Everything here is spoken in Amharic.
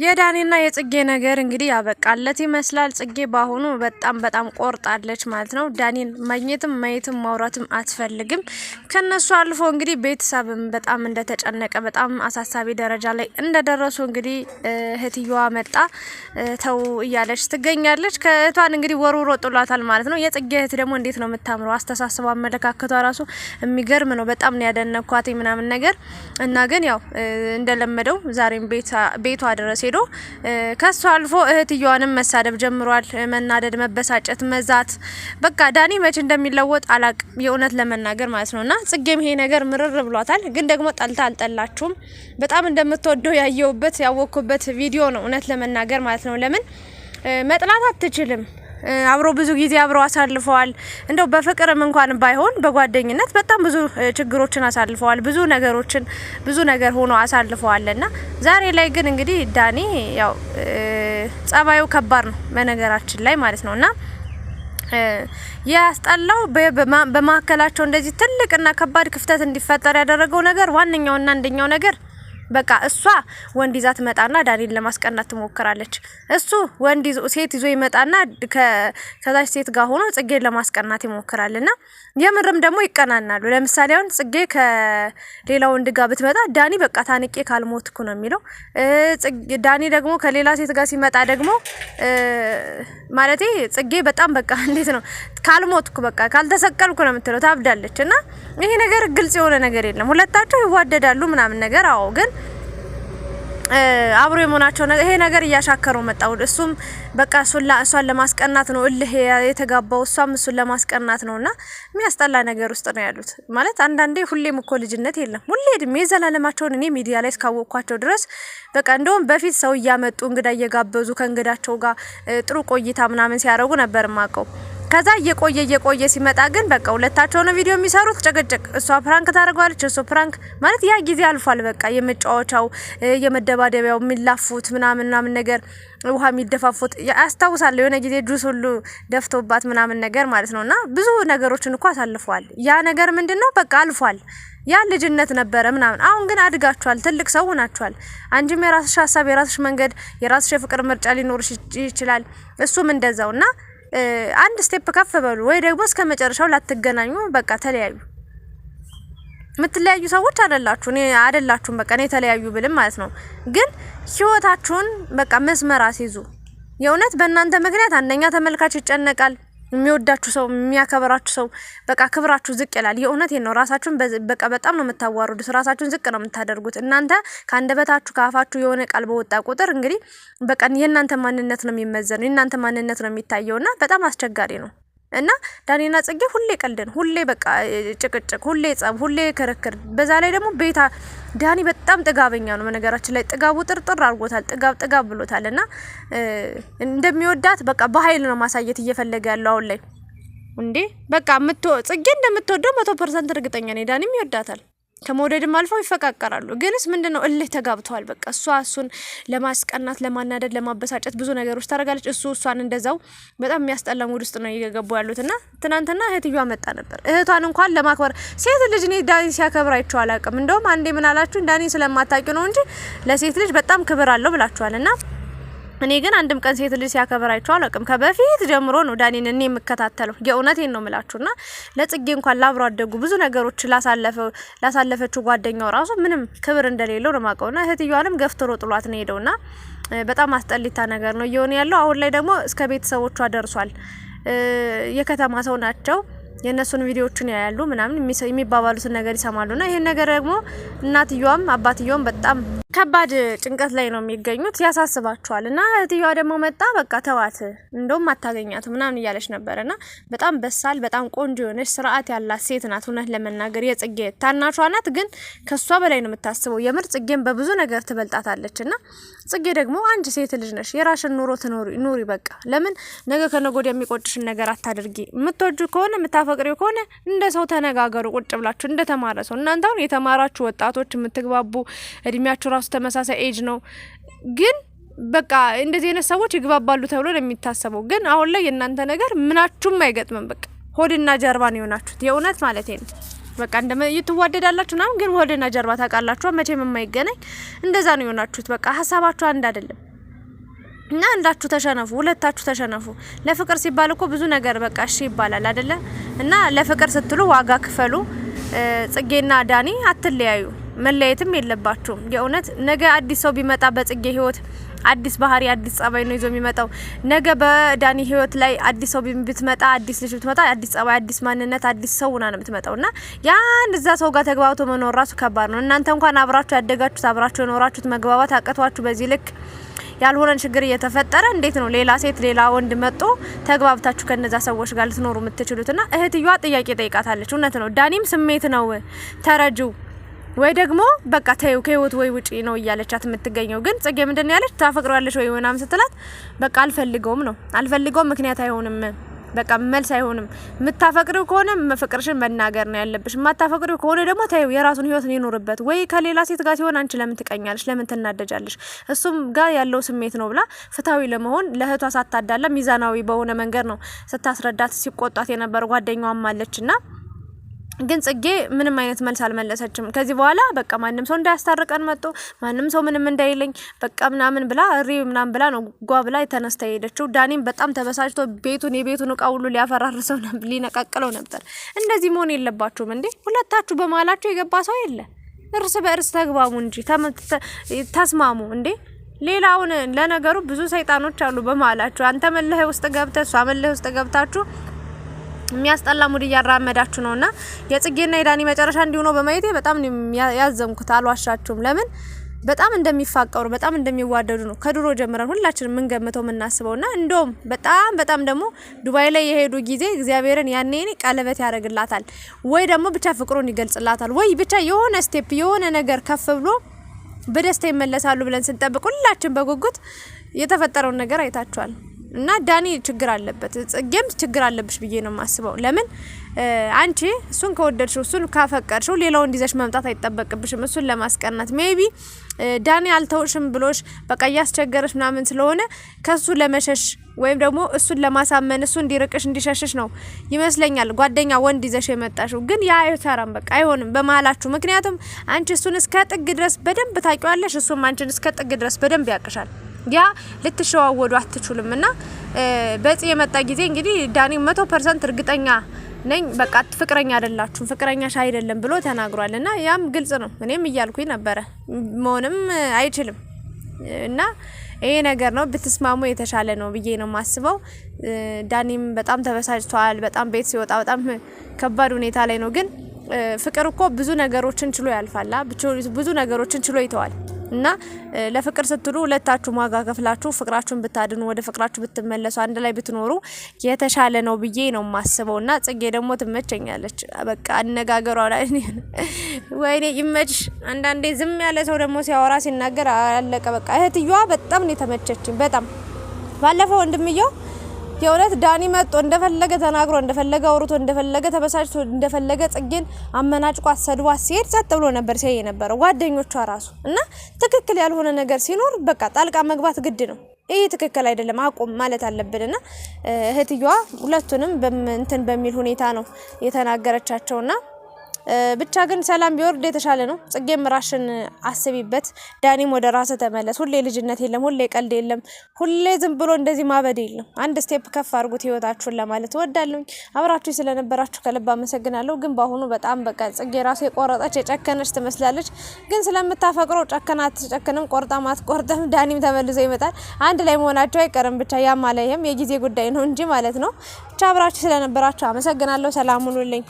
የዳኒና የጽጌ ነገር እንግዲህ ያበቃለት ይመስላል። ጽጌ በአሁኑ በጣም በጣም ቆርጣለች ማለት ነው። ዳኒን ማግኘትም ማየትም ማውራትም አትፈልግም። ከነሱ አልፎ እንግዲህ ቤተሰብም በጣም እንደተጨነቀ በጣም አሳሳቢ ደረጃ ላይ እንደደረሱ እንግዲህ እህትየዋ መጣ ተው እያለች ትገኛለች። ከእህቷን እንግዲህ ወርውሮ ጥሏታል ማለት ነው። የጽጌ እህት ደግሞ እንዴት ነው የምታምረው! አስተሳሰቧ አመለካከቷ ራሱ የሚገርም ነው። በጣም ነው ያደነኳት ምናምን ነገር እና ግን ያው እንደለመደው ዛሬም ቤቷ ድረስ ድረስ ሄዶ ከሱ አልፎ እህትየዋንም መሳደብ ጀምሯል። መናደድ፣ መበሳጨት፣ መዛት በቃ ዳኒ መቼ እንደሚለወጥ አላቅ የእውነት ለመናገር ማለት ነውና ጽጌም ይሄ ነገር ምርር ብሏታል። ግን ደግሞ ጠልታ አልጠላችሁም። በጣም እንደምትወደው ያየውበት ያወቅኩበት ቪዲዮ ነው እውነት ለመናገር ማለት ነው። ለምን መጥላት አትችልም አብሮ ብዙ ጊዜ አብሮ አሳልፈዋል። እንደው በፍቅርም እንኳን ባይሆን በጓደኝነት በጣም ብዙ ችግሮችን አሳልፈዋል። ብዙ ነገሮችን ብዙ ነገር ሆኖ አሳልፈዋል እና ዛሬ ላይ ግን እንግዲህ ዳኒ ያው ጸባዩ ከባድ ነው በነገራችን ላይ ማለት እና ያስጠላው በመካከላቸው እንደዚህ ትልቅና ከባድ ክፍተት እንዲፈጠር ያደረገው ነገር ዋነኛውና አንደኛው ነገር በቃ እሷ ወንድ ይዛ ትመጣና ዳኒን ለማስቀናት ትሞክራለች። እሱ ወንድ ሴት ይዞ ይመጣና ከዛች ሴት ጋር ሆኖ ጽጌን ለማስቀናት ይሞክራል። እና የምርም ደግሞ ይቀናናሉ። ለምሳሌ አሁን ጽጌ ከሌላ ወንድ ጋር ብትመጣ ዳኒ በቃ ታንቄ ካልሞትኩ ነው የሚለው። ዳኒ ደግሞ ከሌላ ሴት ጋር ሲመጣ ደግሞ ማለቴ ጽጌ በጣም በቃ እንዴት ነው ካልሞትኩ በቃ ካልተሰቀልኩ ነው የምትለው ታብዳለች። እና ይሄ ነገር ግልጽ የሆነ ነገር የለም። ሁለታቸው ይዋደዳሉ ምናምን ነገር አዎ፣ ግን አብሮ የመሆናቸው ይሄ ነገር እያሻከረው መጣው። እሱም በቃ እሷን ለማስቀናት ነው እልህ የተጋባው፣ እሷም እሱን ለማስቀናት ነው። እና የሚያስጠላ ነገር ውስጥ ነው ያሉት። ማለት አንዳንዴ ሁሌም እኮ ልጅነት የለም። ሁሌ እድሜ የዘላለማቸውን እኔ ሚዲያ ላይ እስካወቅኳቸው ድረስ በቃ እንደውም በፊት ሰው እያመጡ እንግዳ እየጋበዙ ከእንግዳቸው ጋር ጥሩ ቆይታ ምናምን ሲያደርጉ ነበር ማቀው ከዛ እየቆየ እየቆየ ሲመጣ ግን በቃ ሁለታቸው ነው ቪዲዮ የሚሰሩት፣ ጭቅጭቅ። እሷ ፕራንክ ታደርገዋለች፣ እሱ ፕራንክ ማለት ያ ጊዜ አልፏል። በቃ የመጫወቻው የመደባደቢያው የሚላፉት ምናምን ምናምን ነገር ውሃ የሚደፋፉት ያስታውሳለሁ። የሆነ ጊዜ ጁስ ሁሉ ደፍቶባት ምናምን ነገር ማለት ነውና ብዙ ነገሮችን እኮ አሳልፈዋል። ያ ነገር ምንድን ነው በቃ አልፏል። ያ ልጅነት ነበረ ምናምን። አሁን ግን አድጋችኋል፣ ትልቅ ሰው ሆናችኋል። አንቺም የራስሽ ሀሳብ፣ የራስሽ መንገድ፣ የራስሽ የፍቅር ምርጫ ሊኖርሽ ይችላል። እሱም እንደዛውና አንድ ስቴፕ ከፍ በሉ፣ ወይ ደግሞ እስከ መጨረሻው ላትገናኙ በቃ ተለያዩ። የምትለያዩ ሰዎች አይደላችሁ፣ እኔ አይደላችሁም። በቃ እኔ ተለያዩ ብልም ማለት ነው። ግን ህይወታችሁን በቃ መስመር አስይዙ። የእውነት በእናንተ ምክንያት አንደኛ ተመልካች ይጨነቃል፣ የሚወዳችሁ ሰው የሚያከብራችሁ ሰው በቃ ክብራችሁ ዝቅ ይላል። የእውነት ነው። ራሳችሁን በቃ በጣም ነው የምታዋርዱት። ራሳችሁን ዝቅ ነው የምታደርጉት። እናንተ ከአንደበታችሁ ከአፋችሁ የሆነ ቃል በወጣ ቁጥር እንግዲህ በቃ የእናንተ ማንነት ነው የሚመዘነው፣ የእናንተ ማንነት ነው የሚታየውና በጣም አስቸጋሪ ነው። እና ዳኒና ጽጌ ሁሌ ቀልድን፣ ሁሌ በቃ ጭቅጭቅ፣ ሁሌ ጸብ፣ ሁሌ ክርክር። በዛ ላይ ደግሞ ቤታ ዳኒ በጣም ጥጋበኛ ነው። በነገራችን ላይ ጥጋቡ ጥርጥር አድርጎታል። ጥጋብ ጥጋብ ብሎታል። እና እንደሚወዳት በቃ በኃይል ነው ማሳየት እየፈለገ ያለው አሁን ላይ። እንዴ በቃ ጽጌ እንደምትወደው መቶ ፐርሰንት እርግጠኛ ነኝ። ዳኒም ይወዳታል። ከመውደድም አልፈው ይፈቃቀራሉ። ግንስ ምንድን ነው እልህ ተጋብተዋል። በቃ እሷ እሱን ለማስቀናት፣ ለማናደድ፣ ለማበሳጨት ብዙ ነገሮች ታደርጋለች። እሱ እሷን እንደዛው በጣም የሚያስጠላ ሙድ ውስጥ ነው እየገቡ ያሉት። እና ትናንትና እህትዮዋ መጣ ነበር። እህቷን እንኳን ለማክበር ሴት ልጅ እኔ ዳኒ ሲያከብር አይቼው አላውቅም። እንደውም አንዴ ምን አላችሁ ዳኒን ስለማታውቂው ነው እንጂ ለሴት ልጅ በጣም ክብር አለው ብላችኋል እና እኔ ግን አንድም ቀን ሴት ልጅ ሲያከብራቸው አላውቅም። ከበፊት ጀምሮ ነው ዳኒን እኔ የምከታተለው። የእውነቴን ነው ምላችሁና ለጽጌ እንኳን ላብሮ አደጉ ብዙ ነገሮች ላሳለፈችው ጓደኛው ራሱ ምንም ክብር እንደሌለው ነው ማውቀውና እህትዮዋንም ገፍትሮ ጥሏት ነው ሄደውና በጣም አስጠሊታ ነገር ነው እየሆነ ያለው። አሁን ላይ ደግሞ እስከ ቤተሰቦቿ ደርሷል። የከተማ ሰው ናቸው። የእነሱን ቪዲዮዎችን ያያሉ ምናምን የሚባባሉትን ነገር ይሰማሉ ና ይህን ነገር ደግሞ እናትየዋም አባትየውም በጣም ከባድ ጭንቀት ላይ ነው የሚገኙት። ያሳስባቸዋል። እና እህትየዋ ደግሞ መጣ በቃ ተዋት፣ እንደውም አታገኛት ምናምን እያለች ነበር። እና በጣም በሳል በጣም ቆንጆ የሆነች ስርዓት ያላት ሴት ናት። እውነት ለመናገር የጽጌ ታናሿ ናት፣ ግን ከሷ በላይ ነው የምታስበው። የምር ጽጌን በብዙ ነገር ትበልጣታለች። እና ጽጌ ደግሞ አንድ ሴት ልጅ ነሽ፣ የራሽን ኑሮ ኑሪ። በቃ ለምን ነገ ከነገ ወዲያ የሚቆጭሽን ነገር አታድርጊ። የምትወጁ ከሆነ የምታፈቅሪው ከሆነ እንደ ሰው ተነጋገሩ፣ ቁጭ ብላችሁ እንደተማረ ሰው። እናንተ አሁን የተማራችሁ ወጣቶች የምትግባቡ እድሜያችሁ ራሱ ተመሳሳይ ኤጅ ነው ግን በቃ እንደዚህ አይነት ሰዎች ይግባባሉ ተብሎ ነው የሚታሰበው። ግን አሁን ላይ የእናንተ ነገር ምናችሁም አይገጥምም። በቃ ሆድና ጀርባ ነው የሆናችሁት። የእውነት ማለት ነው። በቃ እንደ ትዋደዳላችሁ ምናምን፣ ግን ሆድና ጀርባ ታውቃላችሁ፣ መቼም የማይገናኝ እንደዛ ነው የሆናችሁት። በቃ ሀሳባችሁ አንድ አይደለም እና አንዳችሁ ተሸነፉ፣ ሁለታችሁ ተሸነፉ። ለፍቅር ሲባል እኮ ብዙ ነገር በቃ እሺ ይባላል አይደለ? እና ለፍቅር ስትሉ ዋጋ ክፈሉ። ጽጌና ዳኒ አትለያዩ። መለየትም የለባቸውም። የእውነት ነገ አዲስ ሰው ቢመጣ በጽጌ ህይወት አዲስ ባህሪ አዲስ ጸባይ ነው ይዞ የሚመጣው። ነገ በዳኒ ህይወት ላይ አዲስ ሰው ብትመጣ አዲስ ልጅ ብትመጣ አዲስ ጸባይ፣ አዲስ ማንነት፣ አዲስ ሰው ና ነው የምትመጣው እና ያን እዛ ሰው ጋር ተግባብቶ መኖር ራሱ ከባድ ነው። እናንተ እንኳን አብራችሁ ያደጋችሁት አብራችሁ የኖራችሁት መግባባት አቅቷችሁ በዚህ ልክ ያልሆነ ችግር እየተፈጠረ እንዴት ነው ሌላ ሴት ሌላ ወንድ መጥቶ ተግባብታችሁ ከነዛ ሰዎች ጋር ልትኖሩ የምትችሉት? ና እህትዮዋ ጥያቄ ጠይቃታለች። እውነት ነው ዳኒም ስሜት ነው ተረጁ ወይ ደግሞ በቃ ተይው ከህይወት ወይ ውጪ ነው እያለቻት የምትገኘው። ግን ጽጌ ምንድን ያለች? ታፈቅረዋለች ወይ ምናምን ስትላት በቃ አልፈልገውም ነው አልፈልገውም፣ ምክንያት አይሆንም በቃ መልስ አይሆንም። የምታፈቅሪው ከሆነ ፍቅርሽን መናገር ነው ያለብሽ። የማታፈቅሪው ከሆነ ደግሞ ተይው የራሱን ህይወት ይኖርበት። ወይ ከሌላ ሴት ጋር ሲሆን አንቺ ለምን ትቀኛለሽ? ለምን ትናደጃለሽ? እሱም ጋር ያለው ስሜት ነው ብላ ፍትሐዊ ለመሆን ለእህቷ ሳታዳላ ሚዛናዊ በሆነ መንገድ ነው ስታስረዳት ሲቆጣት የነበረ ጓደኛዋም አለችና ግን ጽጌ ምንም አይነት መልስ አልመለሰችም። ከዚህ በኋላ በቃ ማንም ሰው እንዳያስታርቀን መጥቶ ማንም ሰው ምንም እንዳይለኝ በቃ ምናምን ብላ እሪ ምናምን ብላ ነው ጓ ብላ የተነስተ የሄደችው። ዳኒም በጣም ተበሳጭቶ ቤቱን የቤቱን እቃ ሁሉ ሊያፈራርሰው ሊነቃቅለው ነበር። እንደዚህ መሆን የለባችሁም እንዴ! ሁለታችሁ በመሀላችሁ የገባ ሰው የለ። እርስ በእርስ ተግባሙ እንጂ ተስማሙ እንዴ! ሌላውን ለነገሩ ብዙ ሰይጣኖች አሉ በመሀላችሁ። አንተ መለህ ውስጥ ገብተ እሷ መለህ ውስጥ ገብታችሁ የሚያስጠላ ሙድ እያራመዳችሁ ነውና የጽጌና የዳኒ መጨረሻ እንዲሆነ በማየቴ በጣም ያዘንኩት፣ አልዋሻችሁም። ለምን በጣም እንደሚፋቀሩ በጣም እንደሚዋደዱ ነው ከድሮ ጀምረን ሁላችንም የምንገምተው እና እንደውም በጣም በጣም ደግሞ ዱባይ ላይ የሄዱ ጊዜ እግዚአብሔርን ያኔ ቀለበት ያደርግላታል ወይ ደግሞ ብቻ ፍቅሩን ይገልጽላታል ወይ ብቻ የሆነ ስቴፕ የሆነ ነገር ከፍ ብሎ በደስታ ይመለሳሉ ብለን ስንጠብቅ ሁላችን በጉጉት የተፈጠረውን ነገር አይታችኋል። እና ዳኒ ችግር አለበት፣ ጽጌም ችግር አለብሽ ብዬ ነው የማስበው። ለምን አንቺ እሱን ከወደድሽው እሱን ካፈቀድሽው ሌላውን እንዲዘሽ መምጣት አይጠበቅብሽም። እሱን ለማስቀናት ሜቢ ዳኒ አልተውሽም ብሎሽ በቃ እያስቸገረሽ ምናምን ስለሆነ ከሱ ለመሸሽ ወይም ደግሞ እሱን ለማሳመን እሱ እንዲርቅሽ እንዲሸሽሽ ነው ይመስለኛል። ጓደኛ ወንድ ይዘሽ የመጣሽው ግን ያ አይሰራም፣ በቃ አይሆንም በመሀላችሁ። ምክንያቱም አንቺ እሱን እስከ ጥግ ድረስ በደንብ ታውቂዋለሽ፣ እሱም አንቺን እስከ ጥግ ድረስ በደንብ ያቅሻል። ያ ልትሸዋወዱ አትችሉም። እና በጽ የመጣ ጊዜ እንግዲህ ዳኒ መቶ ፐርሰንት እርግጠኛ ነኝ በቃ ፍቅረኛ አይደላችሁም ፍቅረኛሽ አይደለም ብሎ ተናግሯል። እና ያም ግልጽ ነው። እኔም እያልኩኝ ነበረ መሆንም አይችልም እና ይሄ ነገር ነው ብትስማሙ የተሻለ ነው ብዬ ነው የማስበው። ዳኒም በጣም ተበሳጭቷል። በጣም ቤት ሲወጣ በጣም ከባድ ሁኔታ ላይ ነው። ግን ፍቅር እኮ ብዙ ነገሮችን ችሎ ያልፋላ፣ ብዙ ነገሮችን ችሎ ይተዋል። እና ለፍቅር ስትሉ ሁለታችሁም ዋጋ ከፍላችሁ ፍቅራችሁን ብታድኑ ወደ ፍቅራችሁ ብትመለሱ አንድ ላይ ብትኖሩ የተሻለ ነው ብዬ ነው የማስበው። እና ጽጌ ደግሞ ትመቸኛለች። በቃ አነጋገሯ ወይኔ ይመችሽ። አንዳንዴ ዝም ያለ ሰው ደግሞ ሲያወራ ሲናገር አለቀ በቃ። እህትየዋ በጣም ነው የተመቸችኝ። በጣም ባለፈው ወንድምየው የእውነት ዳኒ መጦ እንደፈለገ ተናግሮ እንደፈለገ አውርቶ እንደፈለገ ተበሳጭቶ እንደፈለገ ጽጌን አመናጭቆ አሰድቧ ሲሄድ ጸጥ ብሎ ነበር ሲያይ የነበረው ጓደኞቿ ራሱ እና ትክክል ያልሆነ ነገር ሲኖር በቃ ጣልቃ መግባት ግድ ነው። ይህ ትክክል አይደለም፣ አቁም ማለት አለብንና እህትየዋ ሁለቱንም እንትን በሚል ሁኔታ ነው የተናገረቻቸውና ብቻ ግን ሰላም ቢወርድ የተሻለ ነው። ጽጌም ራሽን አስቢበት። ዳኒም ወደ ራስ ተመለስ። ሁሌ ልጅነት የለም፣ ሁሌ ቀልድ የለም፣ ሁሌ ዝም ብሎ እንደዚህ ማበድ የለም። አንድ ስቴፕ ከፍ አድርጉት ህይወታችሁን ለማለት እወዳለሁኝ። አብራችሁ ስለነበራችሁ ከልብ አመሰግናለሁ። ግን በአሁኑ በጣም በቃ ጽጌ ራሱ የቆረጠች የጨከነች ትመስላለች። ግን ስለምታፈቅረው ጨከና አትጨክንም፣ ቆርጣ ማትቆርጥም። ዳኒም ተመልሶ ይመጣል። አንድ ላይ መሆናቸው አይቀርም። ብቻ ያም ይህም የጊዜ ጉዳይ ነው እንጂ ማለት ነው። ብቻ አብራችሁ ስለነበራችሁ አመሰግናለሁ። ሰላም ሁኑልኝ።